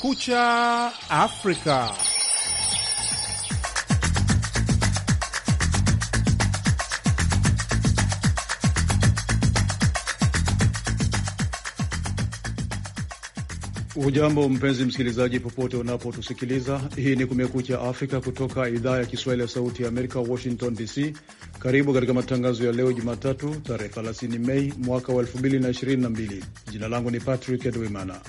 Kumekucha Afrika. Hujambo mpenzi msikilizaji, popote unapotusikiliza. Hii ni Kumekucha Afrika kutoka idhaa ya Kiswahili ya Sauti ya Amerika, Washington DC. Karibu katika matangazo ya leo Jumatatu, tarehe 30 Mei mwaka wa 2022. Jina langu ni Patrick Edwimana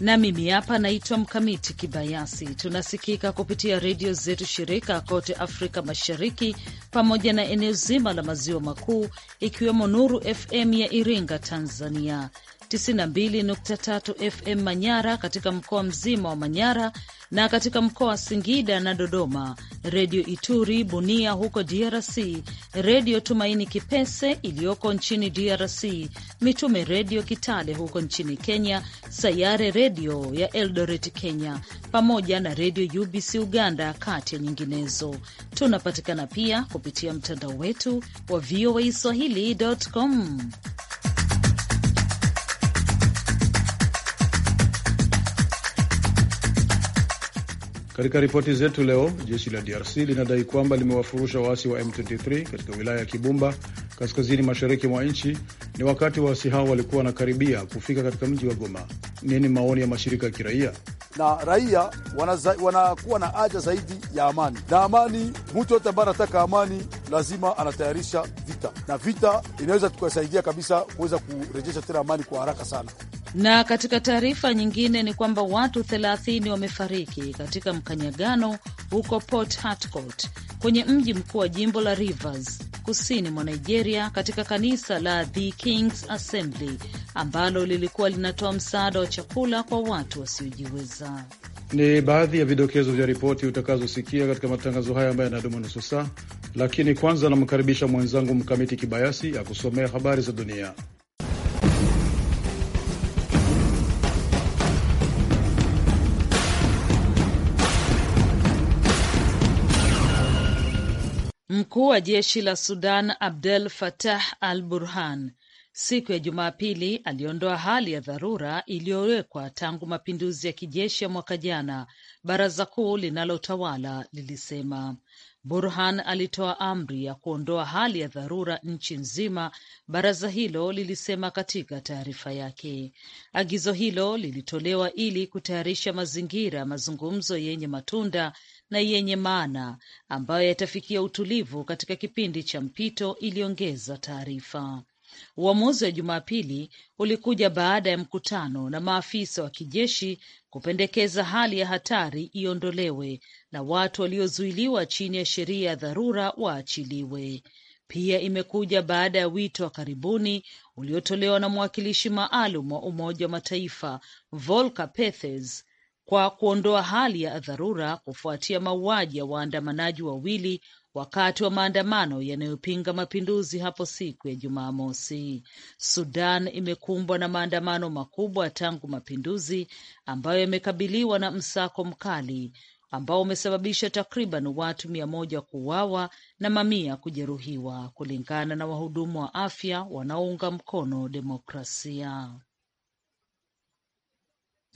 na mimi hapa naitwa Mkamiti Kibayasi. Tunasikika kupitia redio zetu shirika kote Afrika Mashariki pamoja na eneo zima la maziwa makuu, ikiwemo Nuru FM ya Iringa, Tanzania, 92.3 FM Manyara katika mkoa mzima wa Manyara na katika mkoa wa Singida na Dodoma, Redio Ituri Bunia huko DRC, Redio Tumaini Kipese iliyoko nchini DRC, Mitume Redio Kitale huko nchini Kenya, Sayare Redio ya Eldoret Kenya, pamoja na Redio UBC Uganda, kati ya nyinginezo. Tunapatikana pia kupitia mtandao wetu wa VOA swahili.com. Katika ripoti zetu leo, jeshi la DRC linadai kwamba limewafurusha waasi wa M23 katika wilaya ya Kibumba kaskazini mashariki mwa nchi ni wakati waasi hao walikuwa wanakaribia kufika katika mji wa Goma. Nini maoni ya mashirika ya kiraia? na raia wanakuwa na haja zaidi ya amani na amani. Mtu yote ambaye anataka amani lazima anatayarisha vita, na vita inaweza tukasaidia kabisa kuweza kurejesha tena amani kwa haraka sana. Na katika taarifa nyingine ni kwamba watu 30 wamefariki katika mkanyagano huko Port Harcourt kwenye mji mkuu wa jimbo la Rivers kusini mwa Nigeria katika kanisa la The King's Assembly ambalo lilikuwa linatoa msaada wa chakula kwa watu wasiojiweza. Ni baadhi ya vidokezo vya ripoti utakazosikia katika matangazo haya ambayo yanadumu nusu saa, lakini kwanza namkaribisha mwenzangu Mkamiti Kibayasi akusomea habari za dunia. Mkuu wa jeshi la Sudan Abdel Fattah al Burhan siku ya Jumapili aliondoa hali ya dharura iliyowekwa tangu mapinduzi ya kijeshi ya mwaka jana, baraza kuu linalotawala lilisema. Burhan alitoa amri ya kuondoa hali ya dharura nchi nzima, baraza hilo lilisema katika taarifa yake. Agizo hilo lilitolewa ili kutayarisha mazingira ya mazungumzo yenye matunda na yenye maana ambayo yatafikia utulivu katika kipindi cha mpito, iliongeza taarifa. Uamuzi wa Jumapili ulikuja baada ya mkutano na maafisa wa kijeshi kupendekeza hali ya hatari iondolewe na watu waliozuiliwa chini ya sheria ya dharura waachiliwe. Pia imekuja baada ya wito wa karibuni uliotolewa na mwakilishi maalum wa Umoja wa Mataifa Volker Perthes kwa kuondoa hali ya dharura kufuatia mauaji ya waandamanaji wawili wakati wa maandamano yanayopinga mapinduzi hapo siku ya Jumamosi. Sudan imekumbwa na maandamano makubwa tangu mapinduzi ambayo yamekabiliwa na msako mkali ambao umesababisha takriban watu mia moja kuuawa na mamia kujeruhiwa, kulingana na wahudumu wa afya wanaounga mkono demokrasia.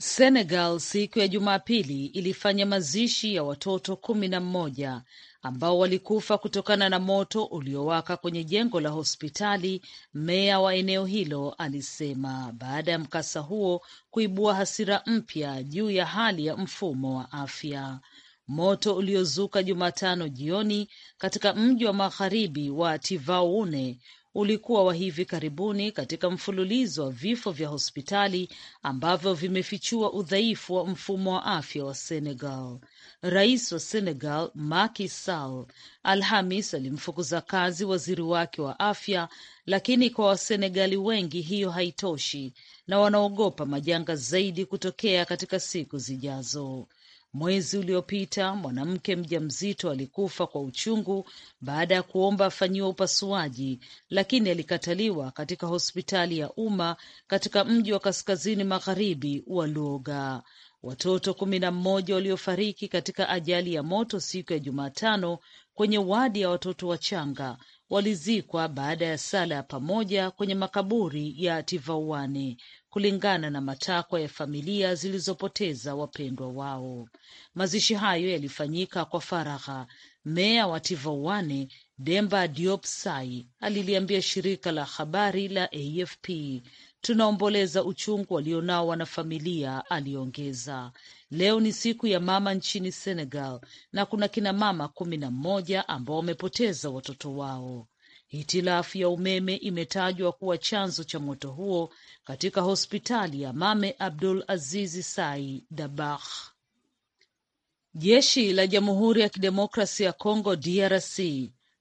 Senegal siku ya Jumapili ilifanya mazishi ya watoto kumi na mmoja ambao walikufa kutokana na moto uliowaka kwenye jengo la hospitali, meya wa eneo hilo alisema, baada ya mkasa huo kuibua hasira mpya juu ya hali ya mfumo wa afya. Moto uliozuka Jumatano jioni katika mji wa magharibi wa Tivaoune ulikuwa wa hivi karibuni katika mfululizo wa vifo vya hospitali ambavyo vimefichua udhaifu wa mfumo wa afya wa Senegal. Rais wa Senegal Macky Sall Alhamis alimfukuza kazi waziri wake wa afya, lakini kwa Wasenegali wengi hiyo haitoshi na wanaogopa majanga zaidi kutokea katika siku zijazo. Mwezi uliopita mwanamke mjamzito alikufa kwa uchungu baada ya kuomba afanyiwa upasuaji, lakini alikataliwa katika hospitali ya umma katika mji wa kaskazini magharibi wa Luoga. Watoto kumi na mmoja waliofariki katika ajali ya moto siku ya Jumatano kwenye wadi ya watoto wachanga walizikwa baada ya sala ya pamoja kwenye makaburi ya tivauane kulingana na matakwa ya familia zilizopoteza wapendwa wao. Mazishi hayo yalifanyika kwa faragha. Meya wa Tivaouane Demba diopsai aliliambia shirika la habari la AFP, tunaomboleza uchungu walionao wanafamilia, aliongeza. Leo ni siku ya mama nchini Senegal, na kuna kina mama kumi na mmoja ambao wamepoteza watoto wao. Hitilafu ya umeme imetajwa kuwa chanzo cha moto huo katika hospitali ya Mame Abdul Azizi Sai dabah Jeshi la Jamhuri ya Kidemokrasi ya Kongo DRC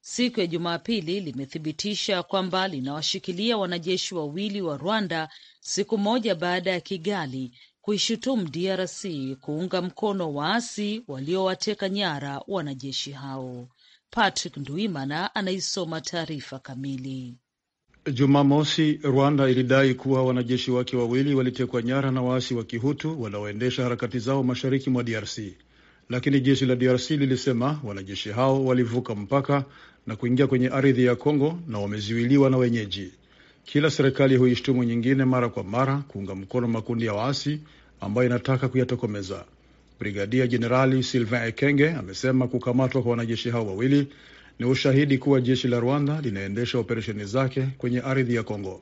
siku ya Jumapili limethibitisha kwamba linawashikilia wanajeshi wawili wa Rwanda siku moja baada ya Kigali kuishutumu DRC kuunga mkono waasi waliowateka nyara wanajeshi hao. Patrick Nduimana anaisoma taarifa kamili. Jumamosi, Rwanda ilidai kuwa wanajeshi wake wawili walitekwa nyara na waasi wa Kihutu wanaoendesha harakati zao mashariki mwa DRC, lakini jeshi la DRC lilisema wanajeshi hao walivuka mpaka na kuingia kwenye ardhi ya Kongo na wameziwiliwa na wenyeji. Kila serikali huishtumu nyingine mara kwa mara kuunga mkono makundi ya waasi ambayo inataka kuyatokomeza. Brigadia Jenerali Sylvain Ekenge amesema kukamatwa kwa wanajeshi hao wawili ni ushahidi kuwa jeshi la Rwanda linaendesha operesheni zake kwenye ardhi ya Kongo.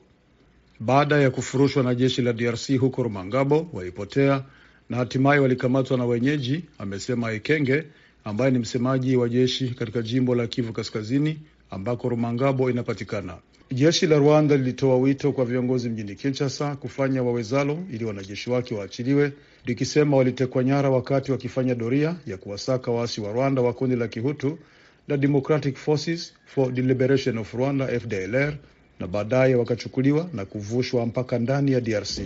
Baada ya kufurushwa na jeshi la DRC huko Rumangabo, walipotea na hatimaye walikamatwa na wenyeji, amesema Ekenge ambaye ni msemaji wa jeshi katika jimbo la Kivu Kaskazini ambako Rumangabo inapatikana. Jeshi la Rwanda lilitoa wito kwa viongozi mjini Kinshasa kufanya wawezalo ili wanajeshi wake waachiliwe likisema walitekwa nyara wakati wakifanya doria ya kuwasaka waasi wa Rwanda wa kundi la Kihutu la Democratic Forces for the Liberation of Rwanda FDLR na baadaye wakachukuliwa na kuvushwa mpaka ndani ya DRC.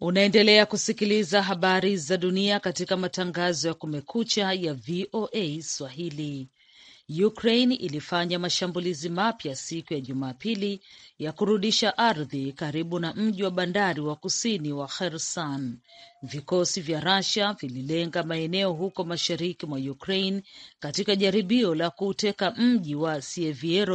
Unaendelea kusikiliza habari za dunia katika matangazo ya Kumekucha ya VOA Swahili. Ukraine ilifanya mashambulizi mapya siku ya Jumapili ya kurudisha ardhi karibu na mji wa bandari wa kusini wa Kherson. Vikosi vya Russia vililenga maeneo huko mashariki mwa Ukraine katika jaribio la kuuteka mji wa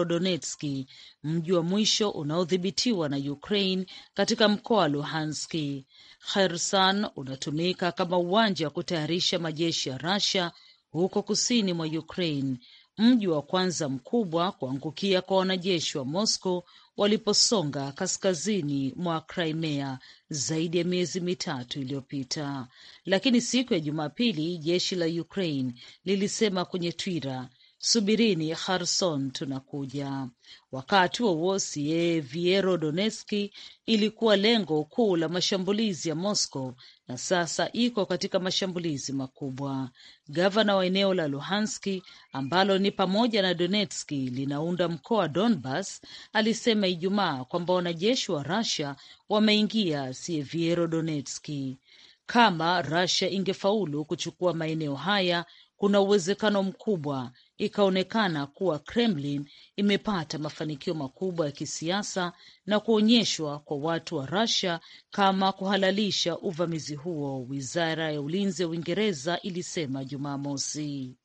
donetski mji wa mwisho unaodhibitiwa na Ukraine katika mkoa wa Luhanski. Kherson unatumika kama uwanja wa kutayarisha majeshi ya Russia huko kusini mwa Ukraine mji wa kwanza mkubwa kuangukia kwa wanajeshi wa Moscow waliposonga kaskazini mwa Crimea zaidi ya miezi mitatu iliyopita, lakini siku ya Jumapili jeshi la Ukraine lilisema kwenye Twitter Subirini Kherson tunakuja. Wakati wa uosi Sievierodonetski ilikuwa lengo kuu la mashambulizi ya Moscow na sasa iko katika mashambulizi makubwa. Gavana wa eneo la Luhanski ambalo ni pamoja na Donetski linaunda mkoa Donbas alisema Ijumaa kwamba wanajeshi wa Russia wameingia Sievierodonetski. Kama Russia ingefaulu kuchukua maeneo haya, kuna uwezekano mkubwa ikaonekana kuwa Kremlin imepata mafanikio makubwa ya kisiasa na kuonyeshwa kwa watu wa Russia kama kuhalalisha uvamizi huo, wizara ya ulinzi ya Uingereza ilisema Jumamosi.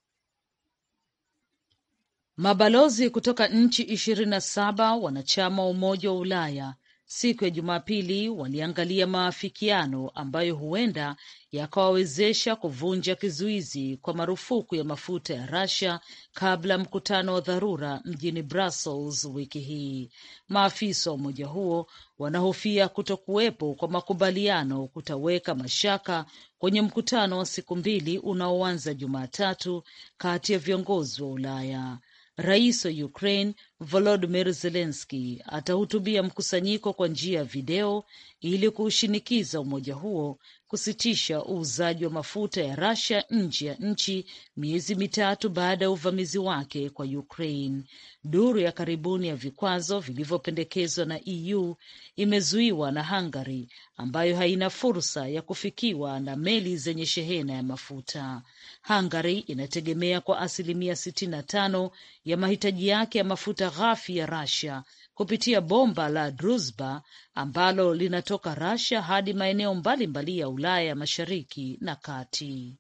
Mabalozi kutoka nchi ishirini na saba wanachama wa Umoja wa Ulaya siku ya Jumapili waliangalia maafikiano ambayo huenda yakawawezesha kuvunja kizuizi kwa marufuku ya mafuta ya Russia kabla mkutano wa dharura mjini Brussels wiki hii. Maafisa wa umoja huo wanahofia kutokuwepo kwa makubaliano kutaweka mashaka kwenye mkutano wa siku mbili unaoanza Jumatatu kati ya viongozi wa Ulaya. Rais wa Ukraine volodimir zelenski atahutubia mkusanyiko kwa njia ya video ili kuushinikiza umoja huo kusitisha uuzaji wa mafuta ya Rasia nje ya nchi miezi mitatu baada ya uvamizi wake kwa Ukraine. Duru ya karibuni ya vikwazo vilivyopendekezwa na EU imezuiwa na Hungary ambayo haina fursa ya kufikiwa na meli zenye shehena ya mafuta. Hungary inategemea kwa asilimia sitini na tano ya mahitaji yake ya mafuta mafuta ghafi ya Russia kupitia bomba la Druzhba ambalo linatoka Russia hadi maeneo mbalimbali ya Ulaya Mashariki na Kati.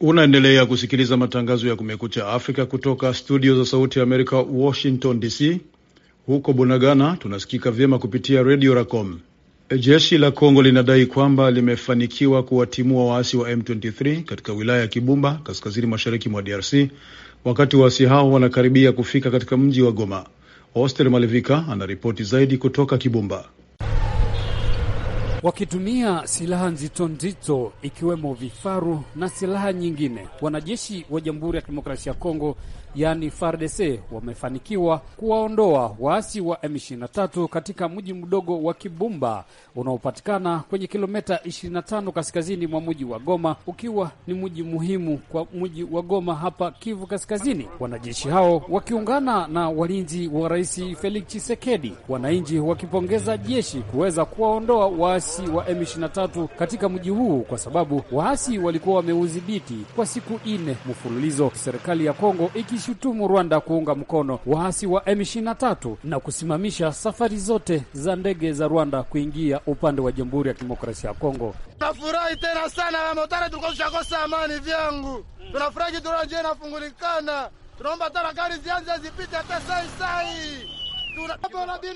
Unaendelea kusikiliza matangazo ya Kumekucha Afrika kutoka studio za Sauti ya Amerika, Washington DC. Huko Bunagana tunasikika vyema kupitia redio Racom. E, jeshi la Kongo linadai kwamba limefanikiwa kuwatimua waasi wa M23 katika wilaya ya Kibumba, kaskazini mashariki mwa DRC, wakati waasi hao wanakaribia kufika katika mji wa Goma. Oster Malevika anaripoti zaidi kutoka Kibumba. Wakitumia silaha nzito nzito ikiwemo vifaru na silaha nyingine, wanajeshi wa Jamhuri ya Kidemokrasia ya Kongo yaani FARDC wamefanikiwa kuwaondoa waasi wa M23 katika mji mdogo wa Kibumba unaopatikana kwenye kilomita 25 kaskazini mwa mji wa Goma, ukiwa ni mji muhimu kwa mji wa Goma hapa Kivu Kaskazini. Wanajeshi hao wakiungana na walinzi wa Rais Felix Tshisekedi, wananchi wakipongeza jeshi kuweza kuwaondoa waasi wa M23 katika mji huu, kwa sababu waasi walikuwa wameudhibiti kwa siku nne mfululizo, serikali ya Kongo iki imeishutumu Rwanda kuunga mkono waasi wa M23 na kusimamisha safari zote za ndege za Rwanda kuingia upande wa Jamhuri ya Kidemokrasia ya Kongo. Tunafurahi tena sana wamotare, tulikuwa tushakosa amani vyangu. Tunafurahi tunanje inafungulikana, tunaomba tena gari zianze zipite hata sai sai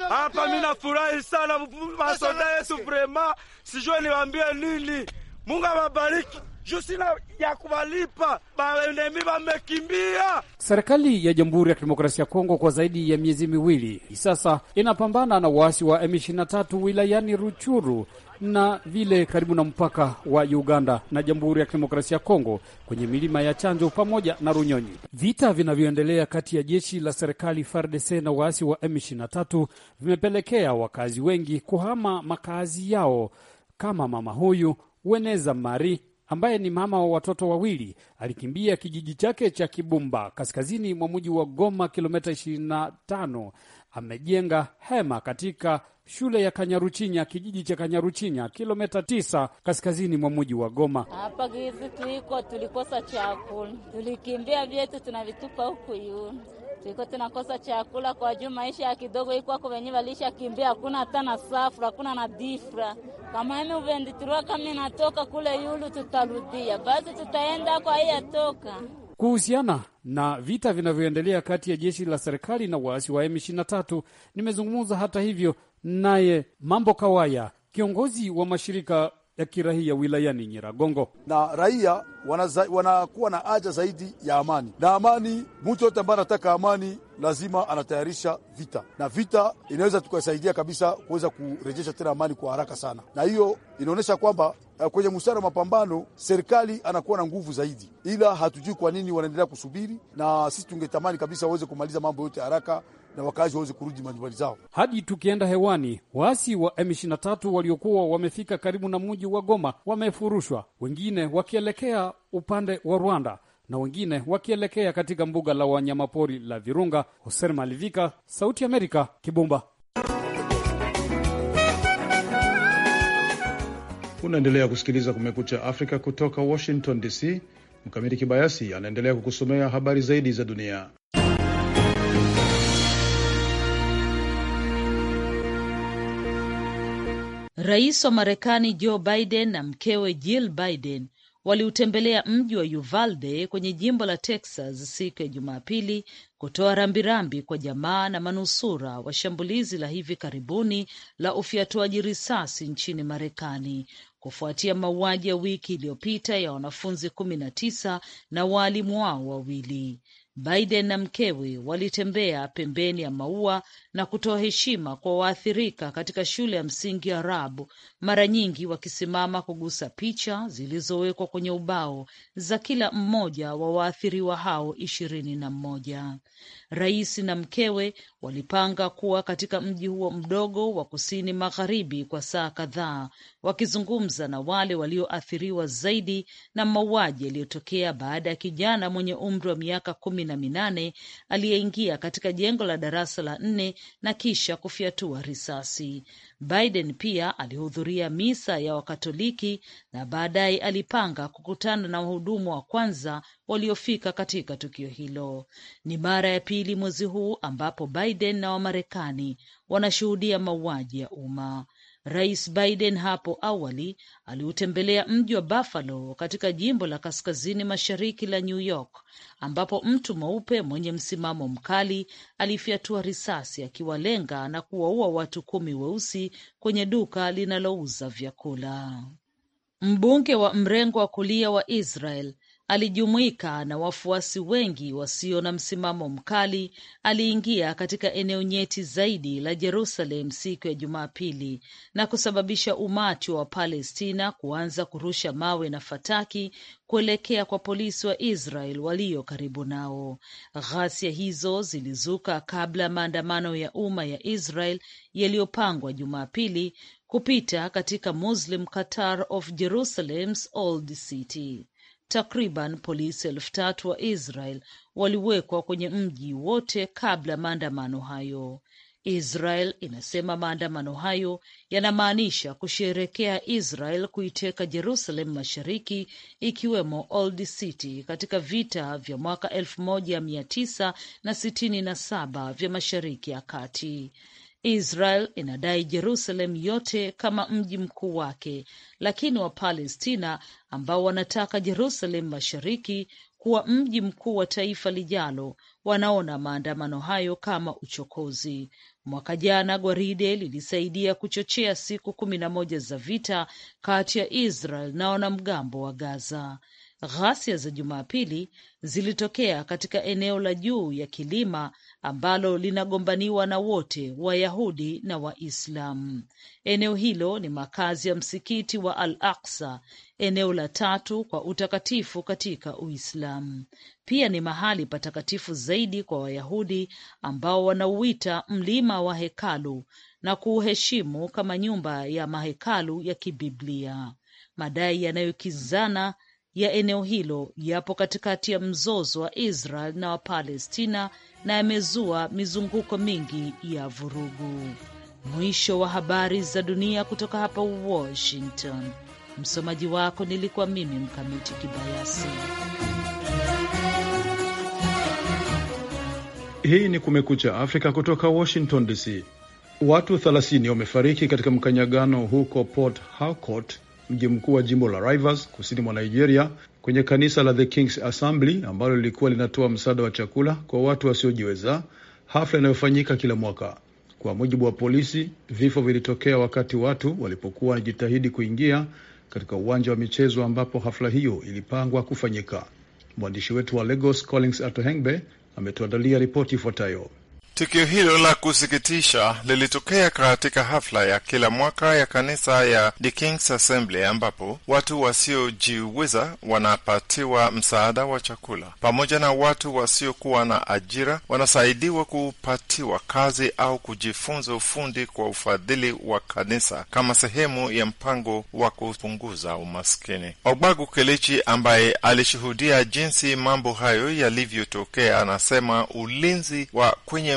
hapa mi nafurahi sana masoda yetu vrema, sijue niwambie nini. Mungu awabariki jusina ya kuwalipa banemi, bamekimbia. Serikali ya Jamhuri ya Kidemokrasia ya Kongo kwa zaidi ya miezi miwili sasa inapambana na waasi wa M23 wilayani Ruchuru na vile karibu na mpaka wa Uganda na Jamhuri ya Kidemokrasia ya Kongo kwenye milima ya Chanjo pamoja na Runyonyi. Vita vinavyoendelea kati ya jeshi la serikali FARDC na waasi wa M23 vimepelekea wakazi wengi kuhama makazi yao, kama mama huyu Weneza Mari ambaye ni mama wa watoto wawili alikimbia kijiji chake cha Kibumba kaskazini mwa mji wa Goma, kilomita 25. Amejenga hema katika shule ya Kanyaruchinya, kijiji cha Kanyaruchinya, kilomita 9 kaskazini mwa mji wa Goma. Hapa gizi tuiko tulikosa chakula, tulikimbia vyetu tunavitupa huku yuni tulikuwa tunakosa chakula kwa juu, maisha ya kidogo ikwako, venye walisha kimbia, hakuna hata na safra, hakuna na difra. Kama uvendi uvenditirua kama natoka kule yulu, tutarudia basi, tutaenda kwa iya toka kuhusiana na vita vinavyoendelea kati ya jeshi la serikali na waasi wa M23. Nimezungumza hata hivyo naye Mambo Kawaya, kiongozi wa mashirika ya kiraia wilayani Nyiragongo, na raia wanakuwa na haja zaidi ya amani na amani. Mtu yote ambaye anataka amani lazima anatayarisha vita, na vita inaweza tukasaidia kabisa kuweza kurejesha tena amani kwa haraka sana, na hiyo inaonyesha kwamba eh, kwenye mstari wa mapambano serikali anakuwa na nguvu zaidi, ila hatujui kwa nini wanaendelea kusubiri, na sisi tungetamani kabisa waweze kumaliza mambo yote haraka na wakazi waweze kurudi majumbani zao. Hadi tukienda hewani, waasi wa M23 waliokuwa wamefika karibu na mji wa Goma wamefurushwa, wengine wakielekea upande wa Rwanda na wengine wakielekea katika mbuga la wanyamapori la Virunga. Hoser Malivika, Sauti Amerika, Kibumba. Unaendelea kusikiliza Kumekucha Afrika kutoka Washington DC. Mkamiti Kibayasi anaendelea kukusomea habari zaidi za dunia. Rais wa Marekani Joe Biden na mkewe Jill Biden waliutembelea mji wa Uvalde kwenye jimbo la Texas siku ya Jumapili kutoa rambirambi kwa jamaa na manusura wa shambulizi la hivi karibuni la ufyatuaji risasi nchini Marekani kufuatia mauaji ya wiki iliyopita ya wanafunzi kumi na tisa na waalimu wao wawili. Biden na mkewe walitembea pembeni ya maua na kutoa heshima kwa waathirika katika shule ya msingi ya Rabu, mara nyingi wakisimama kugusa picha zilizowekwa kwenye ubao za kila mmoja wa waathiriwa hao ishirini na mmoja. Rais na mkewe walipanga kuwa katika mji huo mdogo wa kusini magharibi kwa saa kadhaa, wakizungumza na wale walioathiriwa zaidi na mauaji yaliyotokea baada ya kijana mwenye umri wa miaka kumi kumi na minane aliyeingia katika jengo la darasa la nne na kisha kufyatua risasi. Biden pia alihudhuria misa ya Wakatoliki na baadaye alipanga kukutana na wahudumu wa kwanza waliofika katika tukio hilo. Ni mara ya pili mwezi huu ambapo Biden na Wamarekani wanashuhudia mauaji ya umma. Rais Biden hapo awali aliutembelea mji wa Buffalo katika jimbo la kaskazini mashariki la New York ambapo mtu mweupe mwenye msimamo mkali alifyatua risasi akiwalenga na kuwaua watu kumi weusi kwenye duka linalouza vyakula. Mbunge wa mrengo wa kulia wa Israel alijumuika na wafuasi wengi wasio na msimamo mkali. Aliingia katika eneo nyeti zaidi la Jerusalem siku ya Jumapili na kusababisha umati wa Wapalestina kuanza kurusha mawe na fataki kuelekea kwa polisi wa Israel walio karibu nao. Ghasia hizo zilizuka kabla maandamano ya umma ya Israel yaliyopangwa Jumapili kupita katika Muslim Qatar of Jerusalem's Old City. Takriban polisi elfu tatu wa Israel waliwekwa kwenye mji wote kabla maandamano hayo. Israel inasema maandamano hayo yanamaanisha kusherehekea Israel kuiteka Jerusalem Mashariki, ikiwemo Old City katika vita vya mwaka elfu moja mia tisa na sitini na saba vya Mashariki ya Kati. Israel inadai Jerusalem yote kama mji mkuu wake, lakini Wapalestina ambao wanataka Jerusalem Mashariki kuwa mji mkuu wa taifa lijalo wanaona maandamano hayo kama uchokozi. Mwaka jana gwaride lilisaidia kuchochea siku kumi na moja za vita kati ya Israel na wanamgambo wa Gaza. Ghasia za Jumapili zilitokea katika eneo la juu ya kilima ambalo linagombaniwa na wote Wayahudi na Waislamu. Eneo hilo ni makazi ya msikiti wa Al Aksa, eneo la tatu kwa utakatifu katika Uislamu. Pia ni mahali patakatifu zaidi kwa Wayahudi ambao wanauita mlima wa hekalu na kuuheshimu kama nyumba ya mahekalu ya kibiblia. Madai yanayokinzana ya eneo hilo yapo katikati ya mzozo wa Israel na Wapalestina na yamezua mizunguko mingi ya vurugu. Mwisho wa habari za dunia kutoka hapa Washington. Msomaji wako nilikuwa mimi Mkamiti Kibayasi. Hii ni Kumekucha Afrika kutoka Washington DC. Watu 30 wamefariki katika mkanyagano huko Port Harcourt mji mkuu wa jimbo la Rivers kusini mwa Nigeria, kwenye kanisa la The Kings Assembly ambalo lilikuwa linatoa msaada wa chakula kwa watu wasiojiweza, hafla inayofanyika kila mwaka. Kwa mujibu wa polisi, vifo vilitokea wakati watu walipokuwa wanajitahidi kuingia katika uwanja wa michezo ambapo hafla hiyo ilipangwa kufanyika. Mwandishi wetu wa Lagos Collins Atohengbe ametuandalia ripoti ifuatayo. Tukio hilo la kusikitisha lilitokea katika hafla ya kila mwaka ya kanisa ya The King's Assembly ambapo watu wasiojiweza wanapatiwa msaada wa chakula pamoja na watu wasiokuwa na ajira wanasaidiwa kupatiwa kazi au kujifunza ufundi kwa ufadhili wa kanisa kama sehemu ya mpango wa kupunguza umaskini. Ogbagu Kelechi ambaye alishuhudia jinsi mambo hayo yalivyotokea anasema ulinzi wa kwenye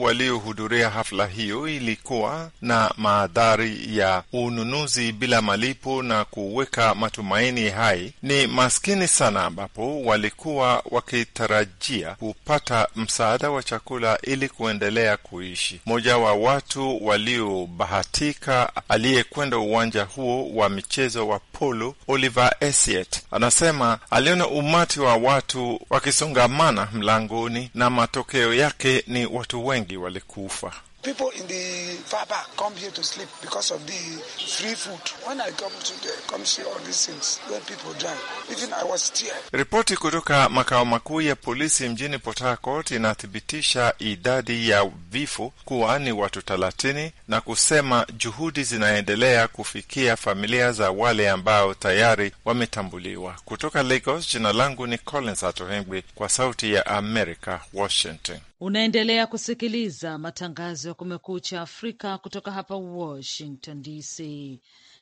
waliohudhuria hafla hiyo ilikuwa na maadhari ya ununuzi bila malipo na kuweka matumaini hai ni maskini sana, ambapo walikuwa wakitarajia kupata msaada wa chakula ili kuendelea kuishi. Mmoja wa watu waliobahatika aliyekwenda uwanja huo wa michezo wa polo, Oliver Esiet, anasema aliona umati wa watu wakisongamana mlangoni na matokeo yake ni watu wengi zaidi walikufa. Ripoti kutoka makao makuu ya polisi mjini Port Harcourt inathibitisha idadi ya vifo kuwa ni watu 30 na kusema juhudi zinaendelea kufikia familia za wale ambao tayari wametambuliwa. Kutoka Lagos, jina langu ni Collins Atohengwi kwa Sauti ya America, Washington. Unaendelea kusikiliza matangazo ya Kumekucha Afrika kutoka hapa Washington DC.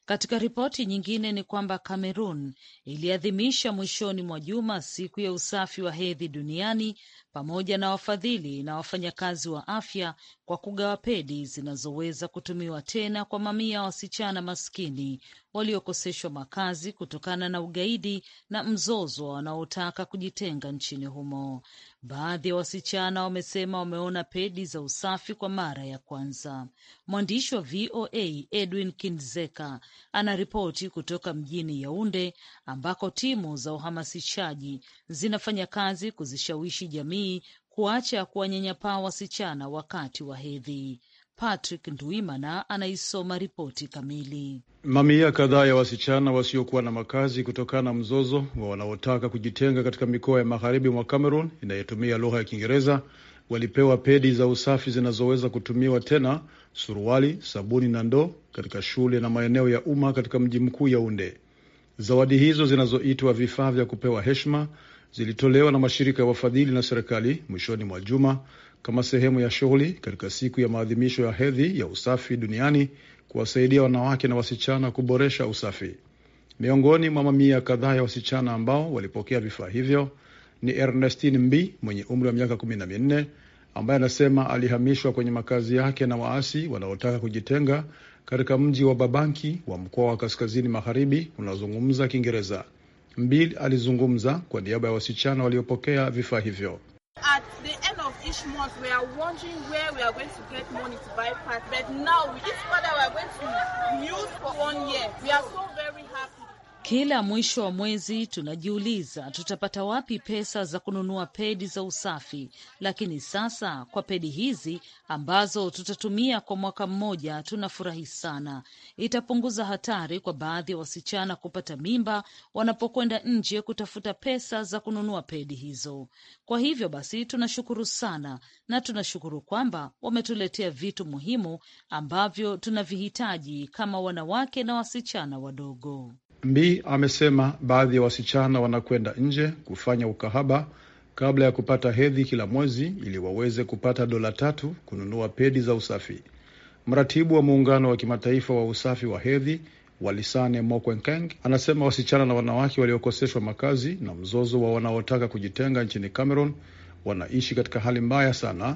Katika ripoti nyingine ni kwamba Kamerun iliadhimisha mwishoni mwa juma siku ya usafi wa hedhi duniani pamoja na wafadhili na wafanyakazi wa afya kwa kugawa pedi zinazoweza kutumiwa tena kwa mamia ya wasichana maskini waliokoseshwa makazi kutokana na ugaidi na mzozo wanaotaka kujitenga nchini humo. Baadhi ya wasichana wamesema wameona pedi za usafi kwa mara ya kwanza. Mwandishi wa VOA Edwin Kinzeka anaripoti kutoka mjini Yaunde ambako timu za uhamasishaji zinafanya kazi kuzishawishi jamii kuacha kuwanyanyapaa wasichana wakati wa hedhi. Patrick Ndwimana anaisoma ripoti kamili. Mamia kadhaa ya wasichana wasiokuwa na makazi kutokana na mzozo wa wanaotaka kujitenga katika mikoa ya magharibi mwa Cameroon inayotumia lugha ya Kiingereza walipewa pedi za usafi zinazoweza kutumiwa tena, suruali, sabuni na ndoo katika shule na maeneo ya umma katika mji mkuu Yaunde. Zawadi hizo zinazoitwa vifaa vya kupewa heshima zilitolewa na mashirika ya wafadhili na serikali mwishoni mwa juma kama sehemu ya shughuli katika siku ya maadhimisho ya hedhi ya usafi duniani kuwasaidia wanawake na wasichana kuboresha usafi. Miongoni mwa mamia kadhaa ya wasichana ambao walipokea vifaa hivyo ni Ernestine Mbi mwenye umri wa miaka kumi na minne ambaye anasema alihamishwa kwenye makazi yake na waasi wanaotaka kujitenga katika mji wa Babanki wa mkoa wa kaskazini magharibi unaozungumza Kiingereza. Mbil alizungumza kwa niaba ya wasichana waliopokea vifaa hivyo. each month we are wondering where we are going to get money to buy parts. But now with this father we are going to use for one year, we are so Kila mwisho wa mwezi tunajiuliza tutapata wapi pesa za kununua pedi za usafi, lakini sasa kwa pedi hizi ambazo tutatumia kwa mwaka mmoja, tunafurahi sana. Itapunguza hatari kwa baadhi ya wasichana kupata mimba wanapokwenda nje kutafuta pesa za kununua pedi hizo. Kwa hivyo basi, tunashukuru sana na tunashukuru kwamba wametuletea vitu muhimu ambavyo tunavihitaji kama wanawake na wasichana wadogo. Mbi amesema baadhi ya wasichana wanakwenda nje kufanya ukahaba kabla ya kupata hedhi kila mwezi ili waweze kupata dola tatu kununua pedi za usafi. Mratibu wa muungano wa kimataifa wa usafi wa hedhi Walisane Mokwenkeng anasema wasichana na wanawake waliokoseshwa makazi na mzozo wa wanaotaka kujitenga nchini Cameroon wanaishi katika hali mbaya sana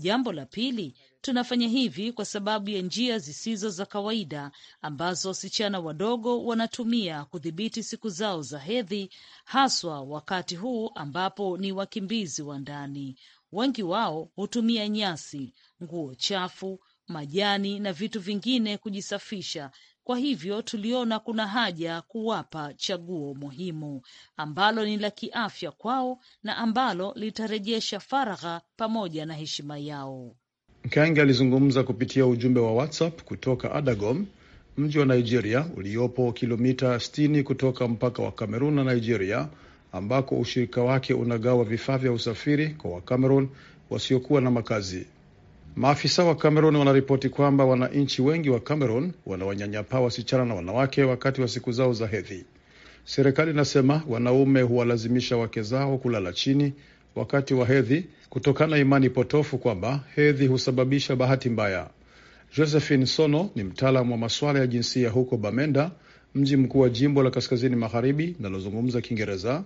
Jambo la pili, tunafanya hivi kwa sababu ya njia zisizo za kawaida ambazo wasichana wadogo wanatumia kudhibiti siku zao za hedhi, haswa wakati huu ambapo ni wakimbizi wa ndani. Wengi wao hutumia nyasi, nguo chafu, majani na vitu vingine kujisafisha kwa hivyo tuliona kuna haja kuwapa chaguo muhimu ambalo ni la kiafya kwao na ambalo litarejesha faragha pamoja na heshima yao. Kange alizungumza kupitia ujumbe wa WhatsApp kutoka Adagom, mji wa Nigeria uliopo kilomita 60 kutoka mpaka wa Kamerun na Nigeria, ambako ushirika wake unagawa vifaa vya usafiri kwa Wakamerun wasiokuwa na makazi. Maafisa wa Cameroon wanaripoti kwamba wananchi wengi wa Cameroon wanawanyanyapaa wasichana na wanawake wakati wa siku zao za hedhi. Serikali inasema wanaume huwalazimisha wake zao kulala chini wakati wa hedhi kutokana na imani potofu kwamba hedhi husababisha bahati mbaya. Josephine Sono ni mtaalamu wa masuala ya jinsia huko Bamenda, mji mkuu wa jimbo la kaskazini magharibi linalozungumza Kiingereza.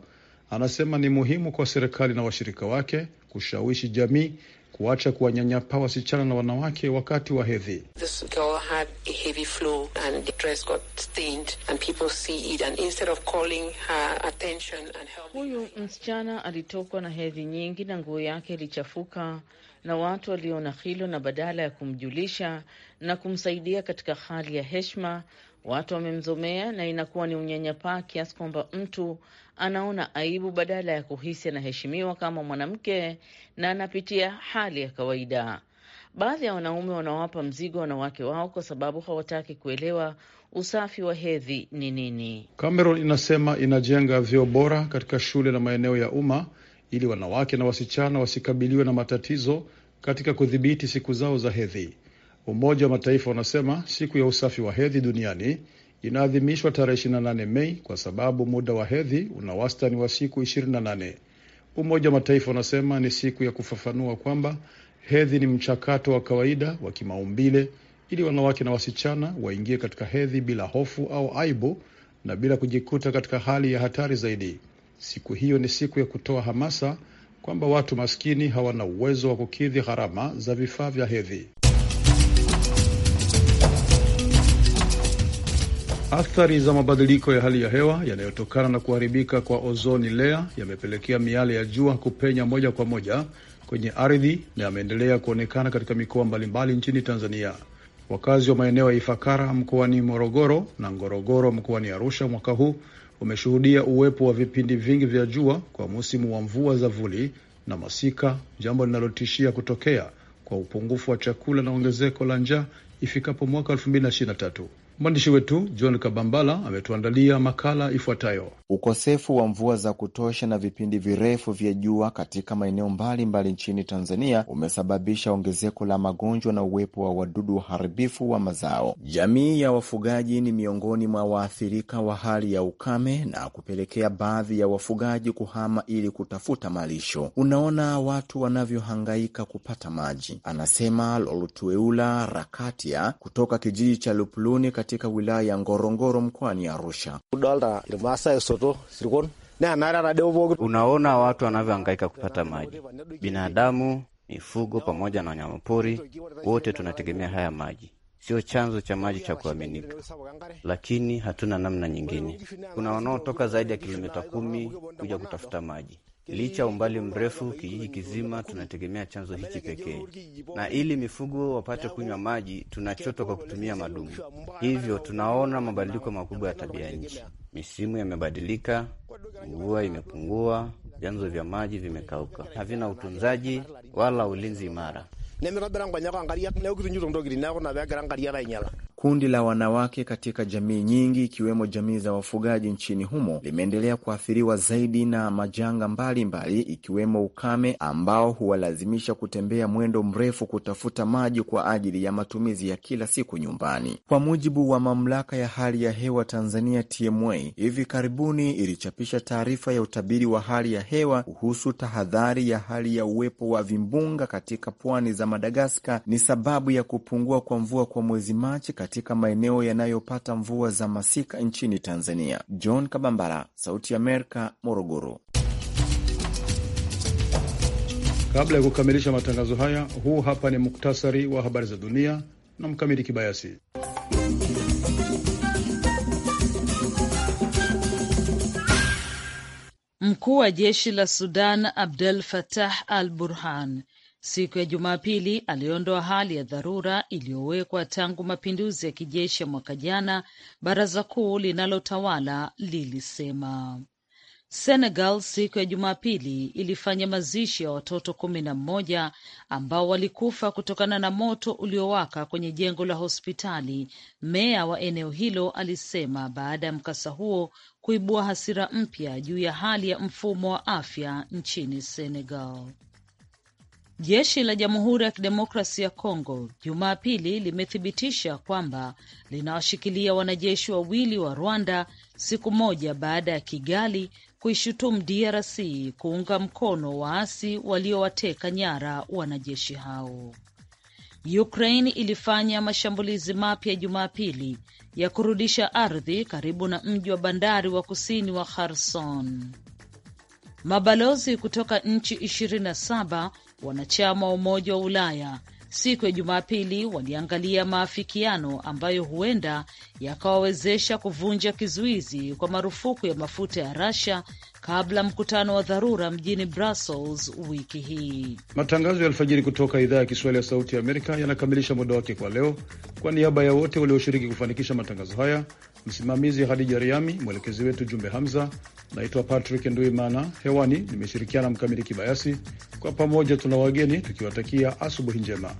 Anasema ni muhimu kwa serikali na washirika wake kushawishi jamii kuacha kuwanyanyapaa wasichana na wanawake wakati wa hedhi. Huyu msichana alitokwa na hedhi nyingi na nguo yake ilichafuka, na watu waliona hilo, na badala ya kumjulisha na kumsaidia katika hali ya heshima, watu wamemzomea na inakuwa ni unyanyapaa kiasi kwamba mtu anaona aibu badala ya kuhisi anaheshimiwa kama mwanamke na anapitia hali ya kawaida. Baadhi ya wanaume wanawapa mzigo wanawake wao kwa sababu hawataki kuelewa usafi wa hedhi ni nini. Cameron inasema inajenga vyoo bora katika shule na maeneo ya umma ili wanawake na wasichana wasikabiliwe na matatizo katika kudhibiti siku zao za hedhi. Umoja wa Mataifa unasema siku ya usafi wa hedhi duniani inaadhimishwa tarehe 28 Mei kwa sababu muda wa hedhi una wastani wa siku 28. Umoja wa Mataifa unasema ni siku ya kufafanua kwamba hedhi ni mchakato wa kawaida wa kimaumbile ili wanawake na wasichana waingie katika hedhi bila hofu au aibu na bila kujikuta katika hali ya hatari zaidi. Siku hiyo ni siku ya kutoa hamasa kwamba watu maskini hawana uwezo wa kukidhi gharama za vifaa vya hedhi. Athari za mabadiliko ya hali ya hewa yanayotokana na kuharibika kwa ozoni lea yamepelekea miale ya jua kupenya moja kwa moja kwenye ardhi na yameendelea kuonekana katika mikoa mbalimbali nchini Tanzania. Wakazi wa maeneo ya Ifakara mkoani Morogoro na Ngorogoro mkoani Arusha mwaka huu umeshuhudia uwepo wa vipindi vingi vya jua kwa msimu wa mvua za vuli na masika, jambo linalotishia kutokea kwa upungufu wa chakula na ongezeko la njaa ifikapo mwaka 2023. Mwandishi wetu John Kabambala ametuandalia makala ifuatayo. Ukosefu wa mvua za kutosha na vipindi virefu vya jua katika maeneo mbalimbali nchini Tanzania umesababisha ongezeko la magonjwa na uwepo wa wadudu waharibifu wa mazao. Jamii ya wafugaji ni miongoni mwa waathirika wa hali ya ukame na kupelekea baadhi ya wafugaji kuhama ili kutafuta malisho. Unaona watu wanavyohangaika kupata maji, anasema Lolutueula Rakatia kutoka kijiji cha Lupluni katika wilaya ya Ngorongoro mkoani Arusha. Unaona watu wanavyohangaika kupata maji, binadamu, mifugo pamoja na wanyamapori, wote tunategemea haya maji. Sio chanzo cha maji cha kuaminika, lakini hatuna namna nyingine. Kuna wanaotoka zaidi ya kilomita kumi kuja kutafuta maji. Licha umbali mrefu, kijiji kizima tunategemea chanzo hiki pekee, na ili mifugo wapate kunywa maji tunachota kwa kutumia madumu. Hivyo tunaona mabadiliko makubwa ya tabia nchi. Misimu yamebadilika, mvua imepungua, vyanzo vya maji vimekauka, havina utunzaji wala ulinzi imara. Kundi la wanawake katika jamii nyingi ikiwemo jamii za wafugaji nchini humo limeendelea kuathiriwa zaidi na majanga mbalimbali mbali, ikiwemo ukame ambao huwalazimisha kutembea mwendo mrefu kutafuta maji kwa ajili ya matumizi ya kila siku nyumbani. Kwa mujibu wa mamlaka ya hali ya hewa Tanzania TMA, hivi karibuni ilichapisha taarifa ya utabiri wa hali ya hewa kuhusu tahadhari ya hali ya uwepo wa vimbunga katika pwani za Madagaskar ni sababu ya kupungua kwa mvua kwa mwezi Machi katika maeneo yanayopata mvua za masika nchini Tanzania. John Kabambara, Sauti ya Amerika, Morogoro. Kabla ya kukamilisha matangazo haya, huu hapa ni muktasari wa habari za dunia na Mkamili Kibayasi. Mkuu wa jeshi la Sudan Abdel Fattah al Burhan siku ya Jumapili aliondoa hali ya dharura iliyowekwa tangu mapinduzi ya kijeshi ya mwaka jana, baraza kuu linalotawala lilisema. Senegal siku ya Jumapili ilifanya mazishi ya watoto kumi na mmoja ambao walikufa kutokana na moto uliowaka kwenye jengo la hospitali, meya wa eneo hilo alisema baada ya mkasa huo kuibua hasira mpya juu ya hali ya mfumo wa afya nchini Senegal. Jeshi la Jamhuri ya Kidemokrasi ya Kongo Jumapili limethibitisha kwamba linawashikilia wanajeshi wawili wa Rwanda siku moja baada ya Kigali kuishutumu DRC kuunga mkono waasi waliowateka nyara wanajeshi hao. Ukraine ilifanya mashambulizi mapya Jumapili ya kurudisha ardhi karibu na mji wa bandari wa kusini wa Kherson. Mabalozi kutoka nchi 27 wanachama wa Umoja wa Ulaya siku ya Jumapili waliangalia maafikiano ambayo huenda yakawawezesha kuvunja kizuizi kwa marufuku ya mafuta ya Russia kabla mkutano wa dharura mjini Brussels wiki hii. Matangazo ya alfajiri kutoka idhaa ya Kiswahili ya Sauti ya Amerika yanakamilisha muda wake kwa leo. Kwa niaba ya wote walioshiriki kufanikisha matangazo haya Msimamizi Hadija Riami, mwelekezi wetu Jumbe Hamza. Naitwa Patrick Nduimana, hewani nimeshirikiana Mkamili Kibayasi. Kwa pamoja tuna wageni tukiwatakia asubuhi njema.